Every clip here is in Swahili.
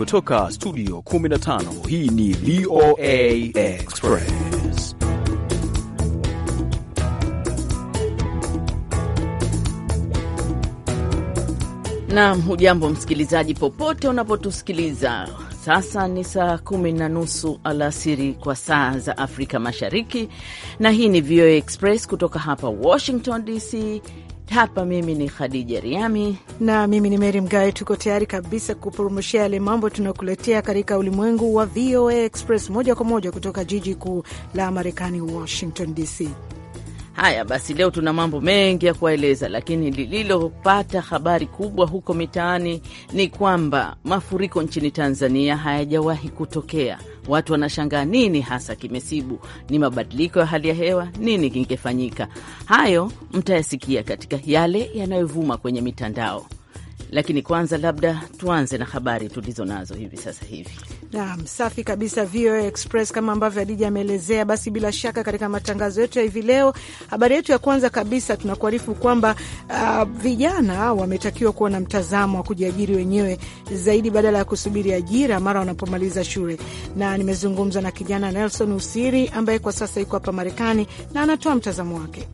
Kutoka studio 15 hii ni VOA Express. nam hujambo msikilizaji, popote unapotusikiliza. Sasa ni saa kumi na nusu alasiri kwa saa za Afrika Mashariki, na hii ni VOA Express kutoka hapa Washington DC. Hapa mimi ni Khadija Riami na mimi ni Meri Mgawe. Tuko tayari kabisa kupromoshia yale mambo tunakuletea katika ulimwengu wa VOA Express moja kwa moja kutoka jiji kuu la Marekani, Washington DC. Haya basi, leo tuna mambo mengi ya kuwaeleza, lakini lililopata habari kubwa huko mitaani ni kwamba mafuriko nchini Tanzania hayajawahi kutokea. Watu wanashangaa nini hasa kimesibu? Ni mabadiliko ya hali ya hewa? Nini kingefanyika? Hayo mtayasikia katika yale yanayovuma kwenye mitandao, lakini kwanza, labda tuanze na habari tulizo nazo hivi sasa hivi. Naam, safi kabisa, VOA Express kama ambavyo Adija ameelezea. Basi bila shaka, katika matangazo yetu ya hivi leo, habari yetu ya kwanza kabisa tunakuarifu kwamba uh, vijana wametakiwa kuwa na mtazamo wa kujiajiri wenyewe zaidi badala ya kusubiri ajira mara wanapomaliza shule, na nimezungumza na kijana Nelson Usiri ambaye kwa sasa yuko hapa Marekani na anatoa mtazamo wake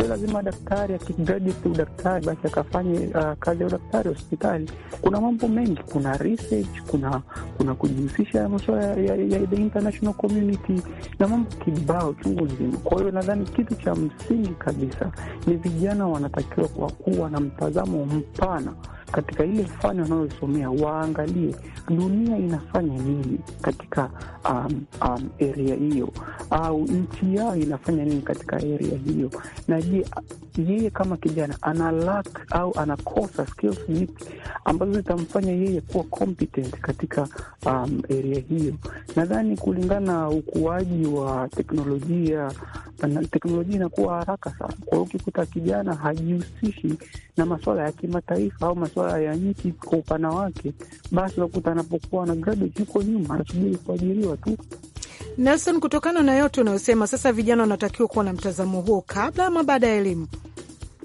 sio lazima daktari akigraduate udaktari basi akafanye uh, kazi ya udaktari hospitali. Kuna mambo mengi, kuna research, kuna kuna kujihusisha masuala ya, ya, ya the international community na mambo kibao chungu nzima. Kwa hiyo nadhani kitu cha msingi kabisa ni vijana wanatakiwa kwa kuwa na mtazamo mpana katika ile mfano wanayosomea waangalie dunia inafanya nini katika um, um, area hiyo, au nchi yao inafanya nini katika area hiyo, na je, yeye kama kijana ana lack au anakosa skills zipi ambazo zitamfanya yeye kuwa competent katika um, area hiyo. Nadhani kulingana na ukuaji wa teknolojia na teknolojia inakuwa haraka sana, kwa hiyo ukikuta kijana hajihusishi na maswala ya kimataifa au maswala masuala ya nchi kwa upana wake, basi wakuta anapokuwa na graduate yuko nyuma, anasubiri kuajiriwa tu. Nelson, kutokana na yote unayosema sasa, vijana wanatakiwa kuwa na mtazamo huo kabla ama baada ya elimu?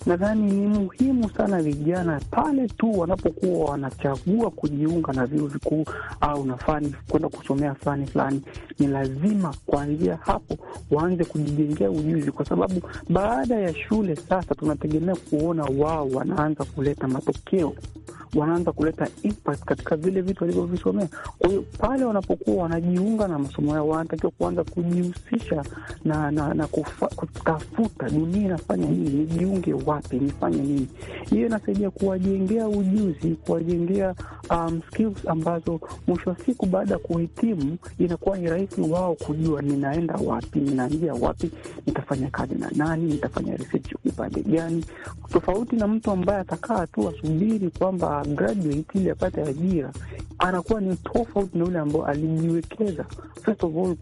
nadhani ni muhimu sana vijana pale tu wanapokuwa wanachagua kujiunga na vyuo vikuu au na fani kwenda kusomea fani fulani, ni lazima kuanzia hapo waanze kujijengea ujuzi, kwa sababu baada ya shule sasa tunategemea kuona wao wanaanza kuleta matokeo wanaanza kuleta impact katika vile vitu walivyovisomea. Kwa hiyo pale wanapokuwa wanajiunga na masomo yao, wanatakiwa kuanza kujihusisha na na, na kufa, kutafuta dunia inafanya nini, nijiunge wapi, nifanye nini. Hiyo inasaidia kuwajengea ujuzi, kuwajengea um, skills ambazo mwisho wa siku baada ya kuhitimu inakuwa ni rahisi wao kujua ninaenda wapi, ninaanzia wapi, nitafanya kazi na nani, nitafanya research upande gani, tofauti na mtu ambaye atakaa tu asubiri kwamba graduate ili apate ajira, anakuwa ni tofauti na yule ambao alijiwekeza first of all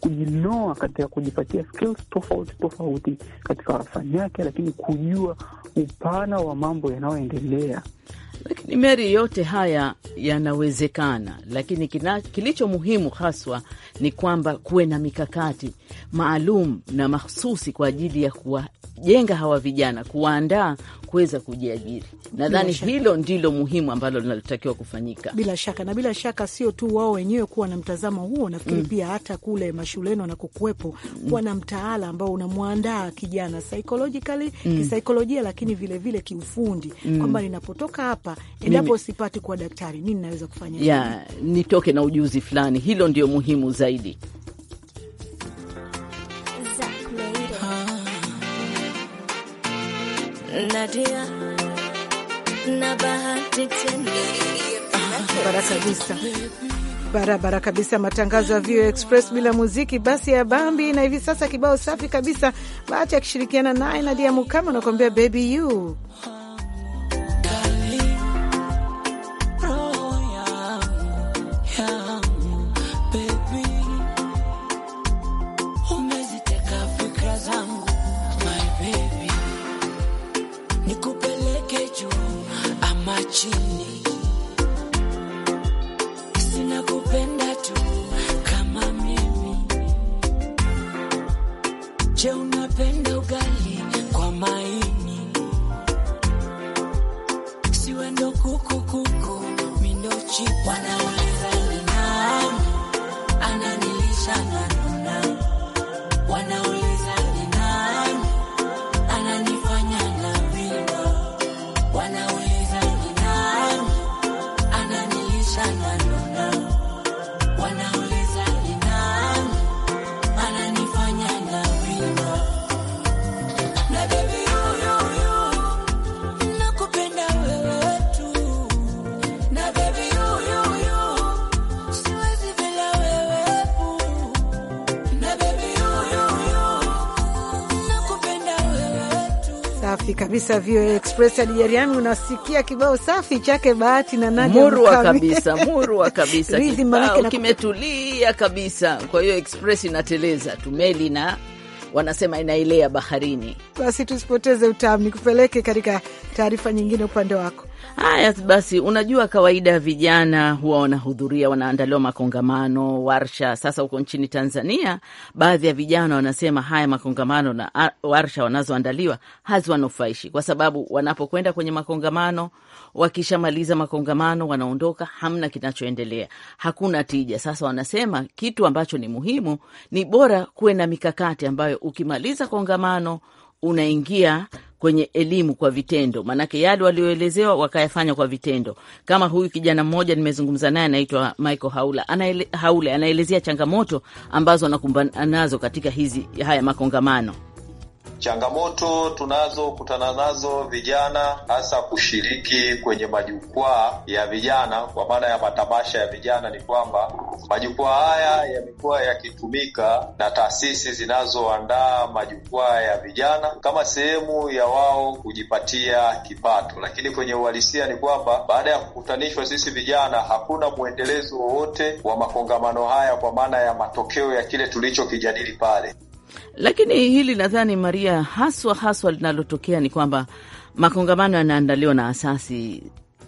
kujinoa katika kujipatia skills tofauti tofauti katika fani yake, lakini kujua upana wa mambo yanayoendelea. Lakini Mary, yote haya yanawezekana, lakini kina, kilicho muhimu haswa ni kwamba kuwe na mikakati maalum na makhususi kwa ajili ya kuwa kuwajenga hawa vijana, kuwaandaa kuweza kujiajiri. Nadhani hilo ndilo muhimu ambalo linalotakiwa kufanyika bila shaka, na bila shaka sio tu wao wenyewe kuwa na mtazamo huo, nafikiri mm. pia hata kule mashuleni wanakokuwepo mm. kuwa na mtaala ambao unamwandaa kijana psychologically mm. kisaikolojia, lakini vilevile vile kiufundi mm. kwamba ninapotoka hapa, endapo sipati kuwa daktari, nini naweza kufanya, yeah, nitoke na ujuzi fulani. Hilo ndio muhimu zaidi. Nadia na bahati tena bara kabisa barabara kabisa, matangazo ya VOA Express bila muziki basi ya Bambi. Na hivi sasa kibao safi kabisa, Bahati akishirikiana naye Nadia Mukama anakuambia baby you what you safi kabisa, VOA Express adijariami. Unasikia kibao safi chake Bahati na Nadia, murwa kabisa, murwa kabisa, kibao kimetulia kabisa. Kwa hiyo Express inateleza tu meli na wanasema inaelea baharini. Basi tusipoteze utamu, nikupeleke katika taarifa nyingine upande wako. Haya basi, unajua kawaida vijana huwa wanahudhuria, wanaandaliwa makongamano, warsha. Sasa huko nchini Tanzania, baadhi ya vijana wanasema haya makongamano na warsha wanazoandaliwa haziwanufaishi, kwa sababu wanapokwenda kwenye makongamano, wakishamaliza makongamano wanaondoka, hamna kinachoendelea, hakuna tija. Sasa wanasema kitu ambacho ni muhimu, ni bora kuwe na mikakati ambayo ukimaliza kongamano unaingia kwenye elimu kwa vitendo, maanake yale walioelezewa wakayafanya kwa vitendo. Kama huyu kijana mmoja nimezungumza naye, anaitwa Michael Haula anaele, Haule anaelezea changamoto ambazo anakumbana nazo katika hizi haya makongamano. Changamoto tunazokutana nazo vijana, hasa kushiriki kwenye majukwaa ya vijana, kwa maana ya matamasha ya vijana, ni kwamba majukwaa haya yamekuwa yakitumika na taasisi zinazoandaa majukwaa ya vijana kama sehemu ya wao kujipatia kipato, lakini kwenye uhalisia ni kwamba baada ya kukutanishwa sisi vijana, hakuna mwendelezo wowote wa makongamano haya, kwa maana ya matokeo ya kile tulichokijadili pale. Lakini hili nadhani, Maria, haswa haswa linalotokea ni kwamba makongamano yanaandaliwa na asasi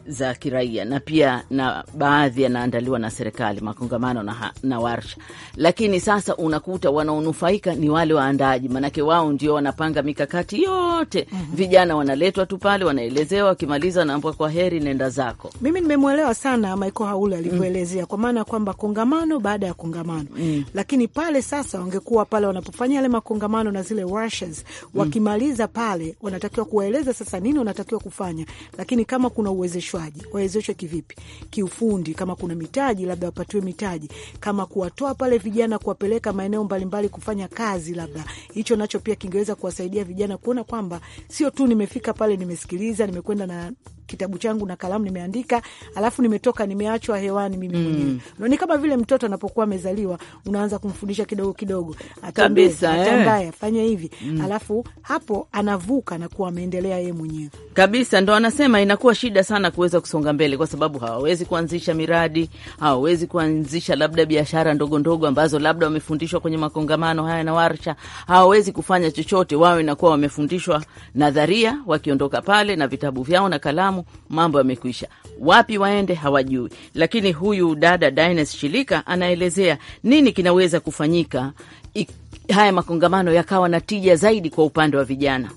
za kiraia na pia na baadhi yanaandaliwa na serikali, makongamano na, na warsha. Lakini sasa unakuta wanaonufaika ni wale waandaaji, maanake wao ndio wanapanga mikakati yote. mm -hmm. Vijana wanaletwa tu pale, wanaelezewa, wakimaliza wanaambwa kwa heri, nenda zako. Mimi nimemwelewa sana Maiko Haule alivyoelezea, mm. kwa maana ya kwamba kongamano baada ya kongamano mm. lakini pale sasa wangekuwa pale wanapofanya yale makongamano na zile warshes, wakimaliza mm. pale wanatakiwa kuwaeleza sasa nini wanatakiwa kufanya, lakini kama kuna uwezeshwa wawezeshwaje, wawezeshwe kivipi? Kiufundi, kama kuna mitaji, labda wapatiwe mitaji, kama kuwatoa pale vijana, kuwapeleka maeneo mbalimbali kufanya kazi, labda hicho nacho pia kingeweza kuwasaidia vijana kuona kwamba sio tu nimefika pale, nimesikiliza, nimekwenda na kitabu changu na kalamu nimeandika, alafu nimetoka nimeachwa hewani mimi mm. mwenyewe. Mm. Ni kama vile mtoto anapokuwa amezaliwa, unaanza kumfundisha kidogo kidogo, kabisa atambaye eh, fanya hivi. Mm. Alafu hapo anavuka na kuwa ameendelea yeye mwenyewe. Kabisa ndo anasema inakuwa shida sana kuweza kusonga mbele kwa sababu hawawezi kuanzisha miradi, hawawezi kuanzisha labda biashara ndogo ndogo ambazo labda wamefundishwa kwenye makongamano haya na warsha, hawawezi kufanya chochote, wao inakuwa wamefundishwa nadharia wakiondoka pale na vitabu vyao na kalamu mambo yamekwisha, wapi waende hawajui. Lakini huyu dada Dines Shilika anaelezea nini kinaweza kufanyika haya makongamano yakawa na tija zaidi kwa upande wa vijana.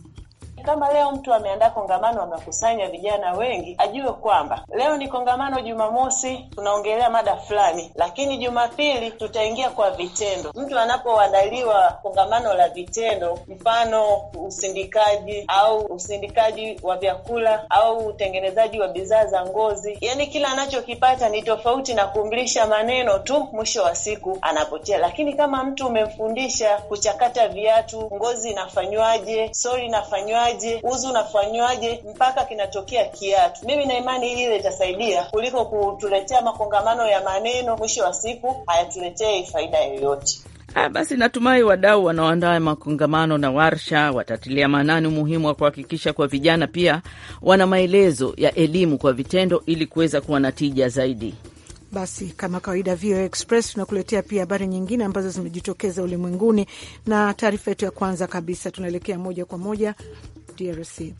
Kama leo mtu ameandaa kongamano, amekusanya vijana wengi, ajue kwamba leo ni kongamano. Jumamosi tunaongelea mada fulani, lakini Jumapili tutaingia kwa vitendo. Mtu anapoandaliwa kongamano la vitendo, mfano usindikaji au usindikaji wa vyakula au utengenezaji wa bidhaa za ngozi, yani kila anachokipata ni tofauti na kumlisha maneno tu, mwisho wa siku anapotea. Lakini kama mtu umemfundisha kuchakata viatu, ngozi inafanywaje, soli inafanywaje unafanyaje, uzi unafanywaje, mpaka kinatokea kiatu. Mimi na imani hii ile itasaidia kuliko kutuletea makongamano ya maneno, mwisho wa siku hayatuletei faida yoyote. Ha, basi natumai wadau wanaoandaa makongamano na warsha watatilia maanani umuhimu wa kuhakikisha kuwa vijana pia wana maelezo ya elimu kwa vitendo ili kuweza kuwa na tija zaidi. Basi kama kawaida, VOA Express tunakuletea pia habari nyingine ambazo zimejitokeza ulimwenguni, na taarifa yetu ya kwanza kabisa tunaelekea moja kwa moja DRC.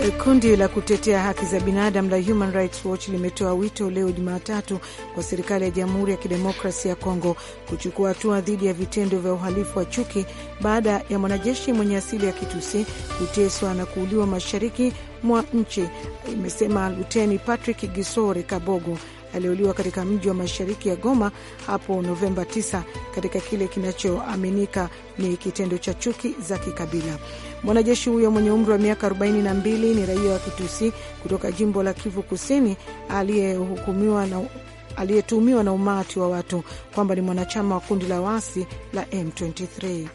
Eh, kundi la kutetea haki za binadamu la Human Rights Watch limetoa wito leo Jumatatu kwa serikali ya Jamhuri ya Kidemokrasia ya Kongo kuchukua hatua dhidi ya vitendo vya uhalifu wa chuki baada ya mwanajeshi mwenye asili ya Kitusi kuteswa na kuuliwa mashariki mwa nchi, imesema Luteni Patrick Gisore Kabogo aliyeuliwa katika mji wa mashariki ya Goma hapo Novemba 9 katika kile kinachoaminika ni kitendo cha chuki za kikabila. Mwanajeshi huyo mwenye umri wa miaka 42 ni raia wa Kitusi kutoka jimbo la Kivu Kusini aliyehukumiwa na aliyetuhumiwa na umati wa watu kwamba ni mwanachama wa kundi la waasi la M23.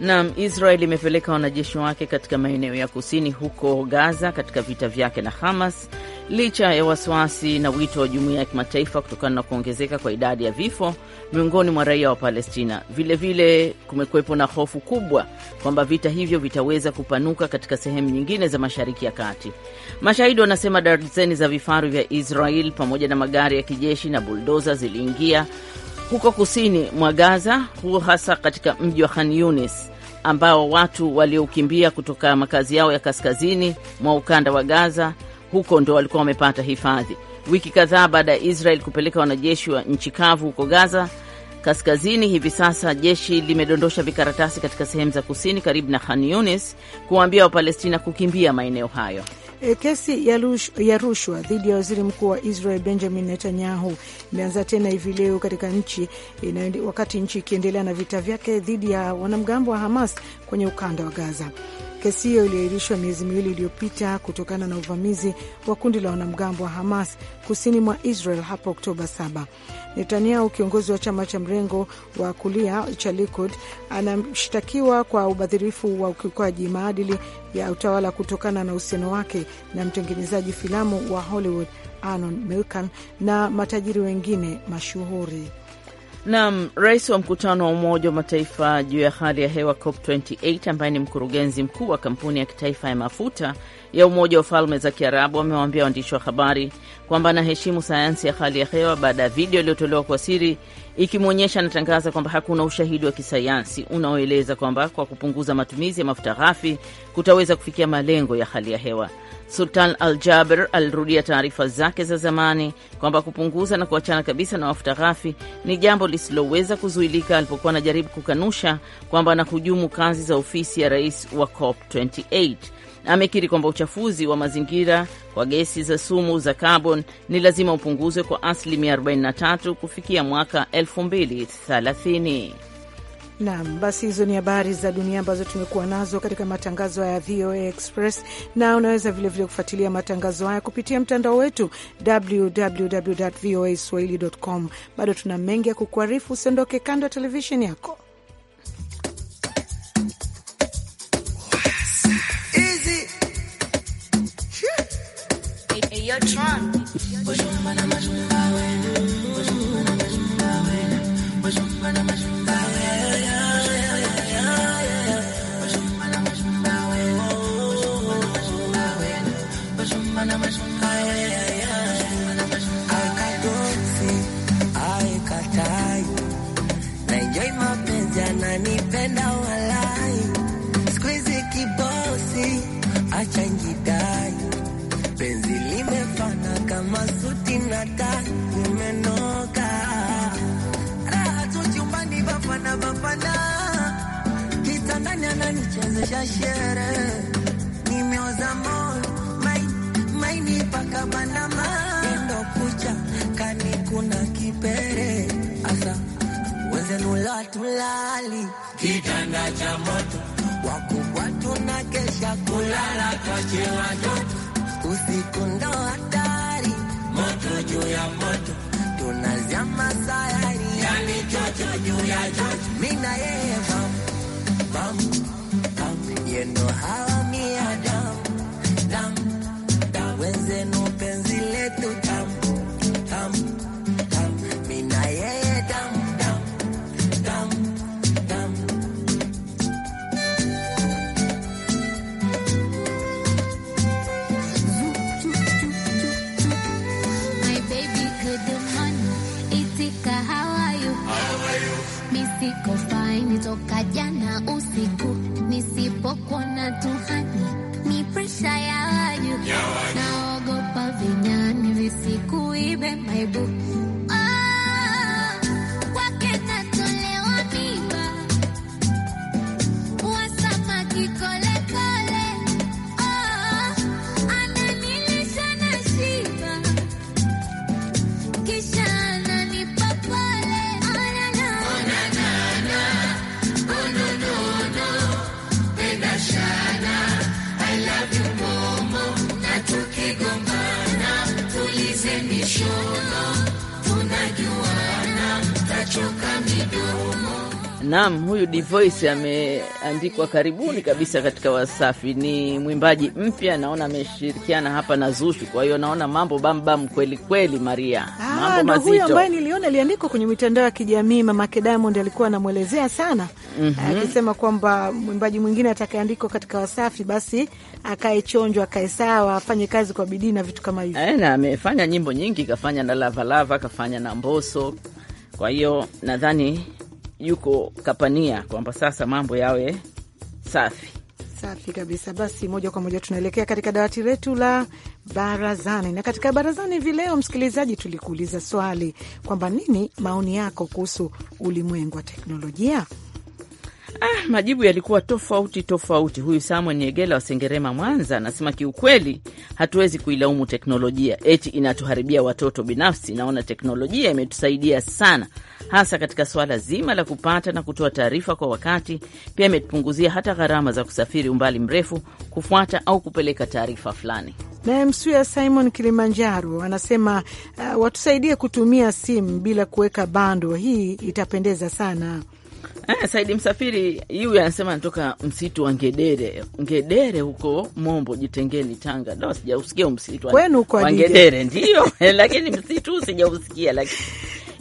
Naam, Israel imepeleka wanajeshi wake katika maeneo ya kusini huko Gaza katika vita vyake na Hamas licha ya wasiwasi na wito wa jumuiya ya kimataifa kutokana na kuongezeka kwa idadi ya vifo miongoni mwa raia wa Palestina. Vilevile kumekuwepo na hofu kubwa kwamba vita hivyo vitaweza kupanuka katika sehemu nyingine za Mashariki ya Kati. Mashahidi wanasema darzeni za vifaru vya Israel pamoja na magari ya kijeshi na buldoza ziliingia huko kusini mwa Gaza, huo hasa katika mji wa Khan Yunis ambao watu waliokimbia kutoka makazi yao ya kaskazini mwa ukanda wa Gaza huko ndo walikuwa wamepata hifadhi. Wiki kadhaa baada ya Israel kupeleka wanajeshi wa nchi kavu huko Gaza kaskazini, hivi sasa jeshi limedondosha vikaratasi katika sehemu za kusini karibu na Khan Yunis kuwaambia Wapalestina kukimbia maeneo hayo. E, kesi ya rushwa dhidi ya waziri mkuu wa Israel Benjamin Netanyahu imeanza tena hivi leo katika nchi wakati nchi ikiendelea na vita vyake dhidi ya wanamgambo wa Hamas kwenye ukanda wa Gaza. Kesi hiyo iliahirishwa miezi miwili iliyopita kutokana na uvamizi wa kundi la wanamgambo wa Hamas kusini mwa Israel hapo Oktoba 7. Netanyahu, kiongozi wa chama cha mrengo wa kulia cha Likud, anashtakiwa kwa ubadhirifu wa ukiukaji maadili ya utawala kutokana na uhusiano wake na mtengenezaji filamu wa Hollywood anon Milchan na matajiri wengine mashuhuri. Naam, rais wa mkutano wa Umoja wa Mataifa juu ya hali ya hewa COP28 ambaye ni mkurugenzi mkuu wa kampuni ya kitaifa ya mafuta ya Umoja wa Falme za Kiarabu amewaambia waandishi wa habari kwamba anaheshimu sayansi ya hali ya hewa baada ya video iliyotolewa kwa siri ikimwonyesha anatangaza kwamba hakuna ushahidi wa kisayansi unaoeleza kwamba kwa kupunguza matumizi ya mafuta ghafi kutaweza kufikia malengo ya hali ya hewa. Sultan Al Jaber alirudia taarifa zake za zamani kwamba kupunguza na kuachana kabisa na mafuta ghafi ni jambo lisiloweza kuzuilika, alipokuwa anajaribu kukanusha kwamba anahujumu kazi za ofisi ya rais wa COP 28 amekiri kwamba uchafuzi wa mazingira kwa gesi za sumu za carbon ni lazima upunguzwe kwa asilimia 43 kufikia mwaka 2030. Nam, basi hizo ni habari za dunia ambazo tumekuwa nazo katika matangazo haya ya VOA Express, na unaweza vilevile kufuatilia matangazo haya kupitia mtandao wetu www voa swahili com. Bado tuna mengi ya kukuarifu, usiondoke kando ya televisheni yako. your trunk. Your trunk. kitanda cha moto, wakubwa tunakesha kulala twachila joto, usiku ndo hatari, moto juu ya moto, tunazama sayari, yani chocho juu ya chocho, mina yeye mamu mamu you know how Naam, huyu Divoice ameandikwa karibuni kabisa katika Wasafi. Ni mwimbaji mpya, naona ameshirikiana hapa na Zuchu, kwa hiyo naona mambo bambam kweli kweli, Maria. Aa, ah, mazito. Huyu ambaye niliona aliandikwa kwenye mitandao ya kijamii, mamake Diamond alikuwa anamwelezea sana mhm. ah, akisema, mm -hmm. kwamba mwimbaji mwingine atakayeandikwa katika Wasafi basi akae chonjwa, akae sawa, afanye kazi kwa bidii na vitu kama hivyo, eh, na amefanya nyimbo nyingi, kafanya na Lavalava, kafanya na Mboso, kwa hiyo nadhani yuko Kapania, kwamba sasa mambo yawe safi safi kabisa. Basi moja kwa moja tunaelekea katika dawati letu la barazani, na katika barazani hivi leo, msikilizaji, tulikuuliza swali kwamba nini maoni yako kuhusu ulimwengu wa teknolojia Ah, majibu yalikuwa tofauti tofauti. Huyu Samuel Nyegela wa Sengerema, Mwanza, anasema kiukweli hatuwezi kuilaumu teknolojia eti inatuharibia watoto. Binafsi naona teknolojia imetusaidia sana, hasa katika swala zima la kupata na kutoa taarifa kwa wakati. Pia imetupunguzia hata gharama za kusafiri umbali mrefu kufuata au kupeleka taarifa fulani. Naye Msuya Simon Kilimanjaro anasema uh, watusaidie kutumia simu bila kuweka bando, hii itapendeza sana. Eh, Saidi Msafiri yuyu anasema anatoka msitu wa Ngedere, Ngedere huko Mombo, Jitengeni, Tanga. No, sijausikia msitu kwenu huko Ngedere ndio lakini msitu sijausikia, lakini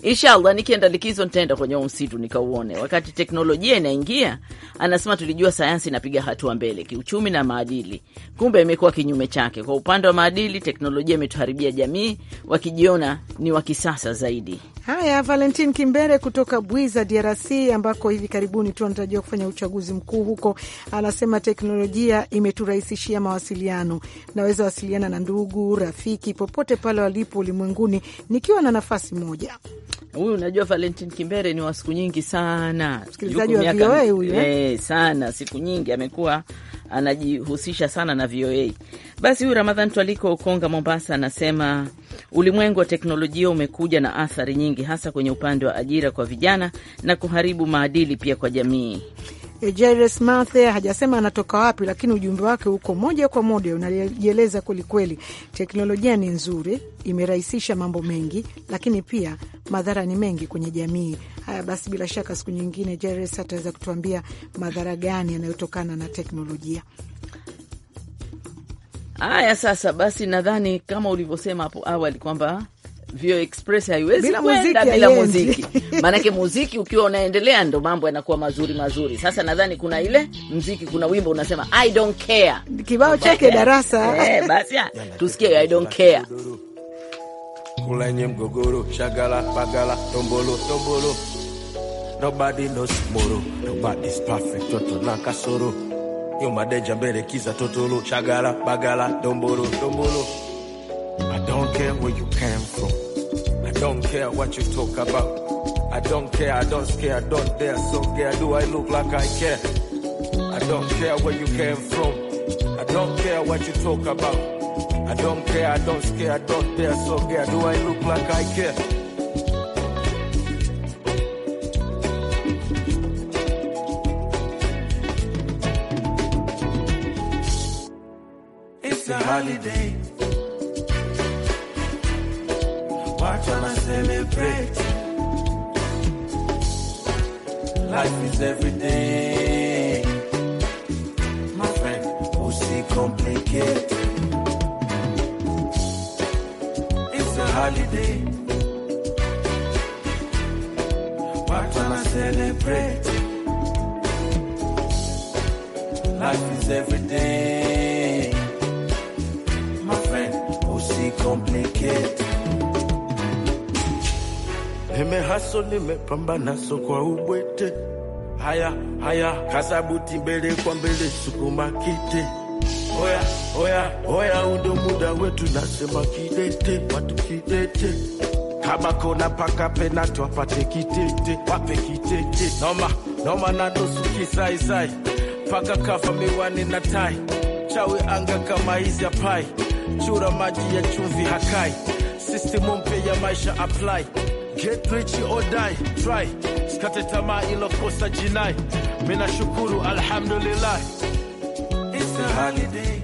Inshallah nikienda likizo nitaenda kwenye msitu nikauone. Wakati teknolojia inaingia, anasema tulijua sayansi inapiga hatua mbele kiuchumi na maadili, kumbe imekuwa kinyume chake. Kwa upande wa maadili, teknolojia imetuharibia jamii, wakijiona ni wa kisasa zaidi. Haya, Valentin Kimbere kutoka Bwiza, DRC, ambako hivi karibuni tu anatarajiwa kufanya uchaguzi mkuu huko, anasema teknolojia imeturahisishia mawasiliano. Naweza wasiliana na ndugu, rafiki popote pale walipo ulimwenguni nikiwa na nafasi moja. Huyu unajua Valentin Kimbere ni wa siku nyingi sana, msikilizaji wa VOA huyu eh? eh, sana siku nyingi amekuwa anajihusisha sana na VOA. Basi huyu Ramadhan Twaliko Ukonga, Mombasa, anasema ulimwengu wa teknolojia umekuja na athari nyingi, hasa kwenye upande wa ajira kwa vijana na kuharibu maadili pia kwa jamii. Eh, Jairus Mathe hajasema anatoka wapi, lakini ujumbe wake uko moja kwa moja unajieleza kwelikweli. Teknolojia ni nzuri, imerahisisha mambo mengi, lakini pia madhara ni mengi kwenye jamii. Haya basi, bila shaka siku nyingine Jairus ataweza kutuambia madhara gani yanayotokana na teknolojia. Haya, sasa basi, nadhani kama ulivyosema hapo awali kwamba Vio Express haiwezi muziki, bila muziki, maanake muziki ukiwa unaendelea ndo mambo yanakuwa mazuri mazuri. Sasa nadhani kuna ile muziki, kuna wimbo unasema I don't care, kibao chake darasa eh, basi ah, tusikie I don't care kulenye mgogoro shagala bagala tombolo tombolo nobody knows moro nobody is perfect toto na kasoro yo madeja mbele kiza totolo shagala bagala tombolo tombolo I don't care where you came from. I don't care what you talk about. I don't care, I don't care, I don't dare. So care, do I look like I care? I don't care where you came from. I don't care what you talk about. I don't care, I don't care, I don't dare. So care, do I look like I care? It's a holiday. is everything. My friend, pussy complicated. It's a holiday. What can I celebrate? Life is everything. My friend, pussy complicated. Nimehasol, nimepambana so kwa ubwete haya haya, kasabuti mbele kwa mbele, sukuma kite Oya, oya, oya, undo muda wetu, nasema kidete, watu kidete, kama kona paka penatu wapate kitete, wape kitete, noma noma na nusu kisaisai, paka kafa miwani na tai, chawe anga kama hizi ya pai, chura maji ya chumvi hakai, sistimu mpya ya maisha apply, get rich or die, try usikate tamaa, ilo kosa jinai. Minashukuru, alhamdulillah. It's a holiday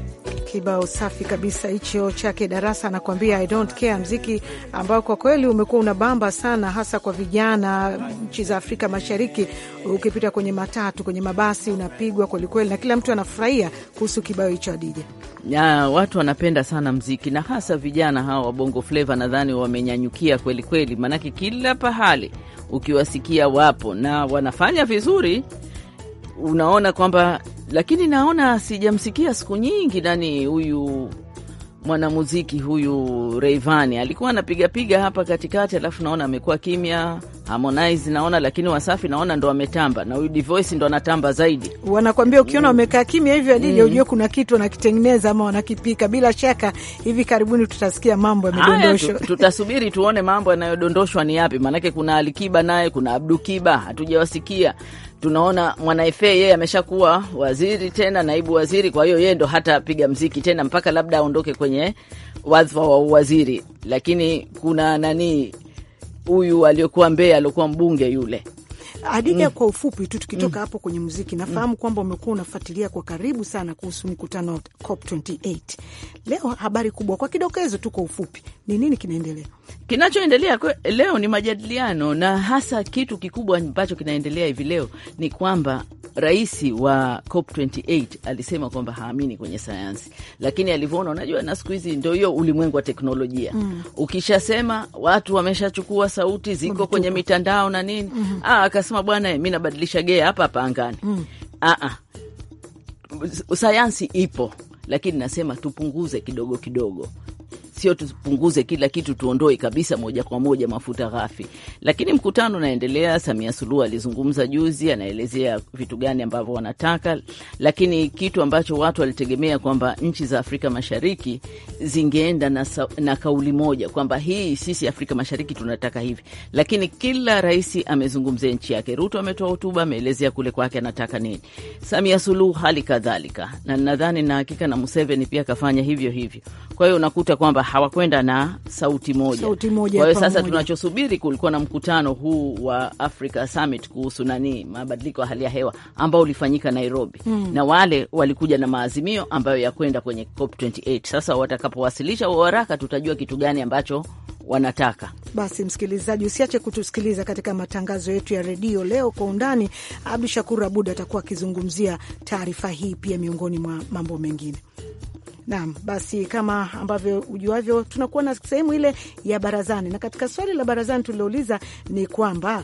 Kibao safi kabisa hicho chake Darasa anakuambia I don't care, mziki ambao kwa kweli umekuwa unabamba sana, hasa kwa vijana nchi za Afrika Mashariki. Ukipita kwenye matatu, kwenye mabasi, unapigwa kwelikweli na kila mtu anafurahia kuhusu kibao hicho. Adija, watu wanapenda sana mziki na hasa vijana hawa wa Bongo Fleva, nadhani wamenyanyukia kwelikweli, maanake kila pahali ukiwasikia wapo na wanafanya vizuri, unaona kwamba lakini naona sijamsikia siku nyingi nani huyu mwanamuziki huyu Rayvanny alikuwa anapigapiga hapa katikati, alafu naona amekuwa kimya, Harmonize naona, lakini Wasafi naona ndo wametamba, na huyu Voice ndo anatamba zaidi. Wanakwambia ukiona mm. wamekaa mm. kimya hivyo Adija, mm. ujue kuna kitu wanakitengeneza ama wanakipika. Bila shaka hivi karibuni tutasikia mambo yamedondoshwa. Tutasubiri tuone mambo yanayodondoshwa ni yapi, maanake kuna Alikiba naye kuna Abdukiba hatujawasikia tunaona mwana FA yeye ameshakuwa waziri tena naibu waziri, kwa hiyo yeye ndo hata piga mziki tena mpaka labda aondoke kwenye wadhifa wa uwaziri. Lakini kuna nani huyu aliyokuwa Mbeya, aliokuwa mbunge yule Adida, mm. Kwa ufupi tu tukitoka mm. hapo kwenye muziki, mm. nafahamu mm. kwamba umekuwa unafuatilia kwa karibu sana kuhusu mkutano wa COP28. Leo habari kubwa kwa kidokezo tu kwa ufupi, ni nini kinaendelea? Kinachoendelea leo ni majadiliano, na hasa kitu kikubwa ambacho kinaendelea hivi leo ni kwamba rais wa COP28 alisema kwamba haamini kwenye sayansi, lakini alivyoona, unajua na siku hizi ndo hiyo ulimwengu wa teknolojia mm. Ukishasema watu wameshachukua sauti ziko Mbituko. kwenye mitandao na nini mm -hmm. Ah, akasema bwana, mi nabadilisha gea hapa hapa angani mm. ah -ah. Sayansi ipo lakini nasema tupunguze kidogo kidogo sio tupunguze kila kitu, tuondoe kabisa moja kwa moja mafuta ghafi. Lakini mkutano unaendelea. Samia Suluhu alizungumza juzi, anaelezea vitu gani ambavyo wanataka, lakini kitu ambacho watu walitegemea kwamba nchi za Afrika Mashariki zingeenda na, na kauli moja kwamba hii sisi Afrika Mashariki tunataka hivi, lakini kila rais amezungumzia nchi yake. Ruto ametoa hotuba, ameelezea kule kwake anataka nini, Samia Suluhu hali kadhalika, na nadhani na hakika na Museveni pia akafanya hivyo hivyo. Kwa hiyo unakuta kwamba hawakwenda na sauti moja, sauti moja. Kwa hiyo sasa tunachosubiri, kulikuwa na mkutano huu wa Africa Summit kuhusu nani, mabadiliko ya hali ya hewa ambao ulifanyika Nairobi hmm. na wale walikuja na maazimio ambayo ya kwenda kwenye COP 28. Sasa watakapowasilisha waraka, tutajua kitu gani ambacho wanataka basi. Msikilizaji, usiache kutusikiliza katika matangazo yetu ya redio leo kwa undani. Abdu Shakur Abud atakuwa akizungumzia taarifa hii pia miongoni mwa mambo mengine. Naam, basi kama ambavyo ujuavyo, tunakuwa na sehemu ile ya barazani, na katika swali la barazani tulilouliza ni kwamba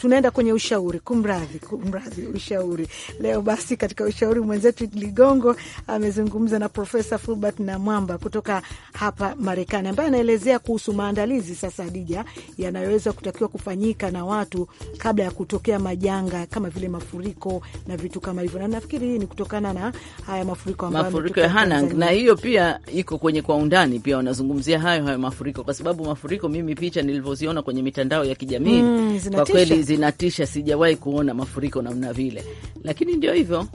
tunaenda kwenye ushauri. Kumradhi, kumradhi, ushauri leo. Basi katika ushauri mwenzetu Ligongo amezungumza na Profesa Fulbert na Mwamba kutoka hapa Marekani, ambaye anaelezea kuhusu maandalizi sasa, Hadija, yanayoweza kutakiwa kufanyika na watu kabla ya kutokea majanga kama vile mafuriko na vitu kama hivyo, na nafikiri hii ni kutokana na haya mafuriko ambayo mafuriko ya Hanang, na hiyo pia iko kwenye kwa undani, pia wanazungumzia hayo hayo mafuriko, kwa sababu mafuriko, mimi picha nilivyoziona kwenye mitandao ya kijamii mm, kwa kweli zinatisha, sijawahi kuona mafuriko namna vile, lakini ndio hivyo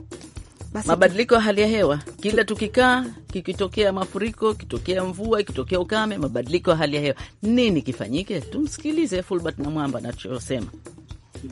mabadiliko ya hali ya hewa. Kila tukikaa, kikitokea mafuriko, kitokea mvua, ikitokea ukame, mabadiliko ya hali ya hewa, nini kifanyike? Tumsikilize Fulbert na Mwamba anachosema.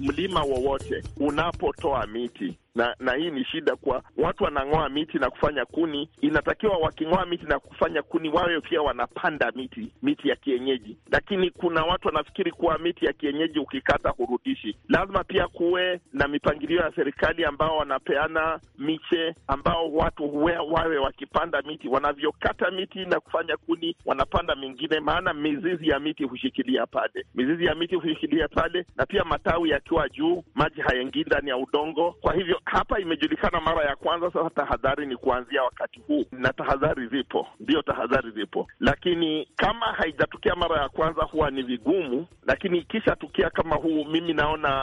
Mlima wowote unapotoa miti na na hii ni shida kwa watu wanang'oa miti na kufanya kuni. Inatakiwa waking'oa miti na kufanya kuni wawe pia wanapanda miti miti ya kienyeji, lakini kuna watu wanafikiri kuwa miti ya kienyeji ukikata hurudishi. Lazima pia kuwe na mipangilio ya serikali ambao wanapeana miche ambao watu huwe, wawe wakipanda miti, wanavyokata miti na kufanya kuni wanapanda mingine, maana mizizi ya miti hushikilia pale, mizizi ya miti hushikilia pale, na pia matawi yakiwa juu maji hayaingii ndani ya udongo, kwa hivyo hapa imejulikana mara ya kwanza. Sasa tahadhari ni kuanzia wakati huu, na tahadhari zipo, ndiyo tahadhari zipo, lakini kama haijatukia mara ya kwanza huwa ni vigumu, lakini ikishatukia kama huu, mimi naona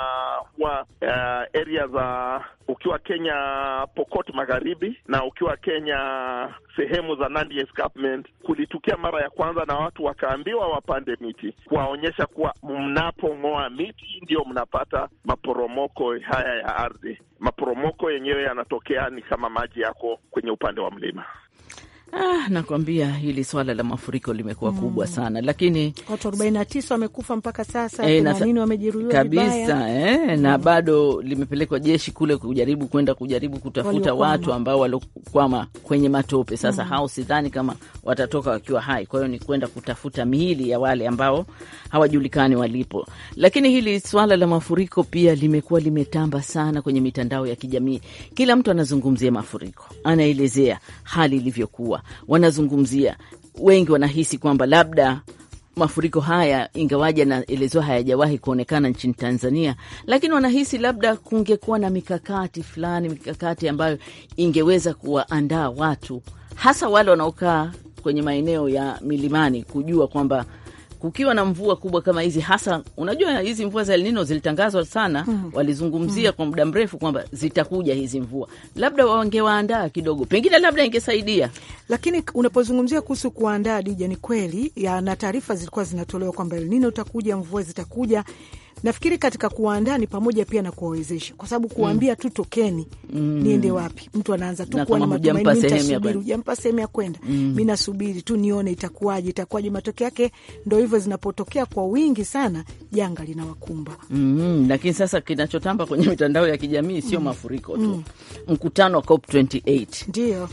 huwa uh, area za ukiwa Kenya Pokot Magharibi na ukiwa Kenya sehemu za Nandi Escarpment kulitukia mara ya kwanza, na watu wakaambiwa wapande miti, kuwaonyesha kuwa mnapong'oa miti ndio mnapata maporomoko haya ya ardhi maporomoko yenyewe yanatokea ni kama maji yako kwenye upande wa mlima. Ah, nakwambia hili swala la mafuriko limekuwa mm, kubwa sana lakini watu 49 wamekufa mpaka sasa e, na nini wamejeruhiwa kabisa eh, na mm. bado limepelekwa jeshi kule kujaribu kwenda kujaribu kutafuta watu ambao waliokwama kwenye matope. Sasa mm, hao sidhani kama watatoka wakiwa hai, kwa hiyo ni kwenda kutafuta miili ya wale ambao hawajulikani walipo. Lakini hili swala la mafuriko pia limekuwa limetamba sana kwenye mitandao ya kijamii, kila mtu anazungumzia mafuriko, anaelezea hali ilivyokuwa wanazungumzia. Wengi wanahisi kwamba labda mafuriko haya ingawaja naelezwa hayajawahi kuonekana nchini Tanzania, lakini wanahisi labda kungekuwa na mikakati fulani, mikakati ambayo ingeweza kuwaandaa watu hasa wale wanaokaa kwenye maeneo ya milimani kujua kwamba kukiwa na mvua kubwa kama hizi, hasa unajua hizi mvua za El Nino zilitangazwa sana mm -hmm. walizungumzia mm -hmm. kwa muda mrefu kwamba zitakuja hizi mvua, labda wangewaandaa kidogo, pengine labda ingesaidia. Lakini unapozungumzia kuhusu kuandaa, Dija, ni kweli na taarifa zilikuwa zinatolewa kwamba El Nino utakuja, mvua zitakuja nafikiri katika kuwaandaa ni pamoja pia na kuwawezesha, kwa sababu kuwaambia tu tokeni, mm. niende wapi? Mtu anaanza tu kuwa na matumaini, nitasubiri. Ujampa sehemu ya kwenda, mm. mi nasubiri tu nione itakuwaje, itakuwaje. Matokeo yake ndo hivyo, zinapotokea kwa wingi sana, janga linawakumba. Mm, lakini sasa kinachotamba kwenye mitandao ya kijamii sio mm. mafuriko tu mm. mkutano wa COP 28 ndio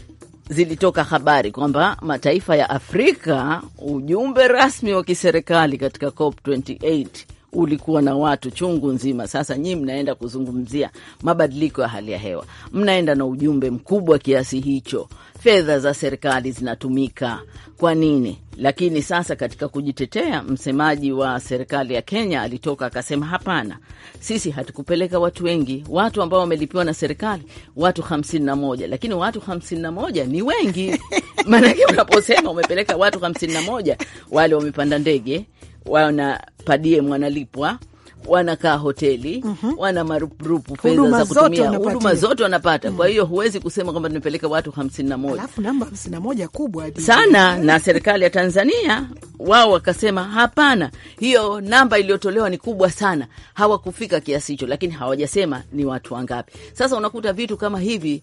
zilitoka habari kwamba mataifa ya Afrika, ujumbe rasmi wa kiserikali katika COP 28 ulikuwa na watu chungu nzima. Sasa nyi mnaenda kuzungumzia mabadiliko ya hali ya hewa, mnaenda na ujumbe mkubwa kiasi hicho, fedha za serikali zinatumika kwa nini? Lakini sasa katika kujitetea, msemaji wa serikali ya Kenya alitoka akasema, hapana, sisi hatukupeleka watu wengi. Watu ambao wamelipiwa na serikali watu hamsini na moja, lakini watu hamsini na moja ni wengi maanake unaposema umepeleka watu hamsini na moja, wale wamepanda ndege wanapadie mwanalipwa wanakaa hoteli mm -hmm. wana marupurupu fedha za kutumia, huduma zote wanapata mm -hmm. Kwa hiyo huwezi kusema kwamba tumepeleka watu hamsini na moja sana na serikali ya Tanzania wao wakasema hapana, hiyo namba iliyotolewa ni kubwa sana, hawakufika kiasi hicho, lakini hawajasema ni watu wangapi. Sasa unakuta vitu kama hivi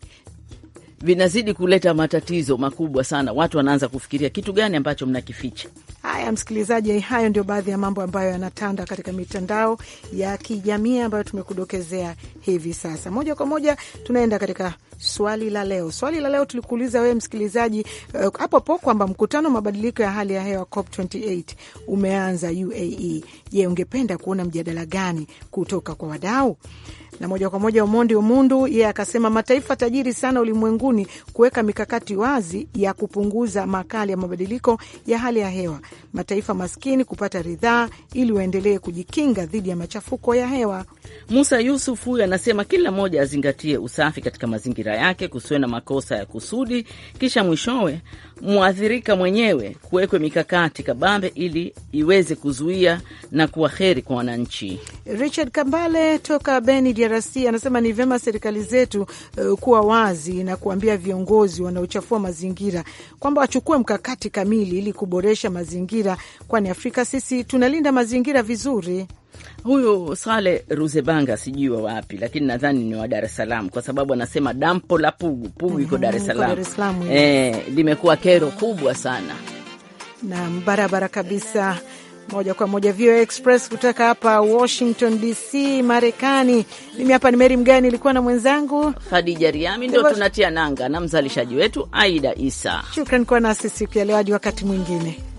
vinazidi kuleta matatizo makubwa sana. Watu wanaanza kufikiria kitu gani ambacho mnakificha. Haya, msikilizaji, hayo ndio baadhi ya mambo ambayo yanatanda katika mitandao ya kijamii ambayo tumekudokezea hivi sasa. Moja kwa moja tunaenda katika swali la leo. Swali la leo tulikuuliza wewe msikilizaji eh, hapo uh, kwamba mkutano wa mabadiliko ya hali ya hewa COP28 umeanza UAE. Je, ungependa kuona mjadala gani kutoka kwa wadau? na moja kwa moja Omondi Omundu yeye akasema mataifa tajiri sana ulimwenguni kuweka mikakati wazi ya kupunguza makali ya mabadiliko ya hali ya hewa, mataifa maskini kupata ridhaa ili waendelee kujikinga dhidi ya machafuko ya hewa. Musa Yusuf huyu anasema kila mmoja azingatie usafi katika mazingira yake, kusiwe na makosa ya kusudi, kisha mwishowe mwathirika mwenyewe, kuwekwe mikakati kabambe ili iweze kuzuia na kuwa heri kwa wananchi. Richard Kambale toka Beni, DRC, anasema ni vyema serikali zetu uh, kuwa wazi na kuambia viongozi wanaochafua mazingira kwamba wachukue mkakati kamili ili kuboresha mazingira, kwani Afrika sisi tunalinda mazingira vizuri. Huyu Sale Ruzebanga sijui wa wapi, lakini nadhani ni wa Dar es Salaam kwa sababu anasema dampo la Pugu Pugu iko Dar es Salaam eh, limekuwa kero kubwa sana nam, barabara kabisa. Moja kwa moja VOA Express kutoka hapa Washington DC, Marekani. Mimi hapa ni Meri Mgani, ilikuwa na mwenzangu Khadija Riami. Ndio tunatia nanga na mzalishaji wetu Aida Isa. Shukran kwa nasi siku ya leo, hadi wakati mwingine.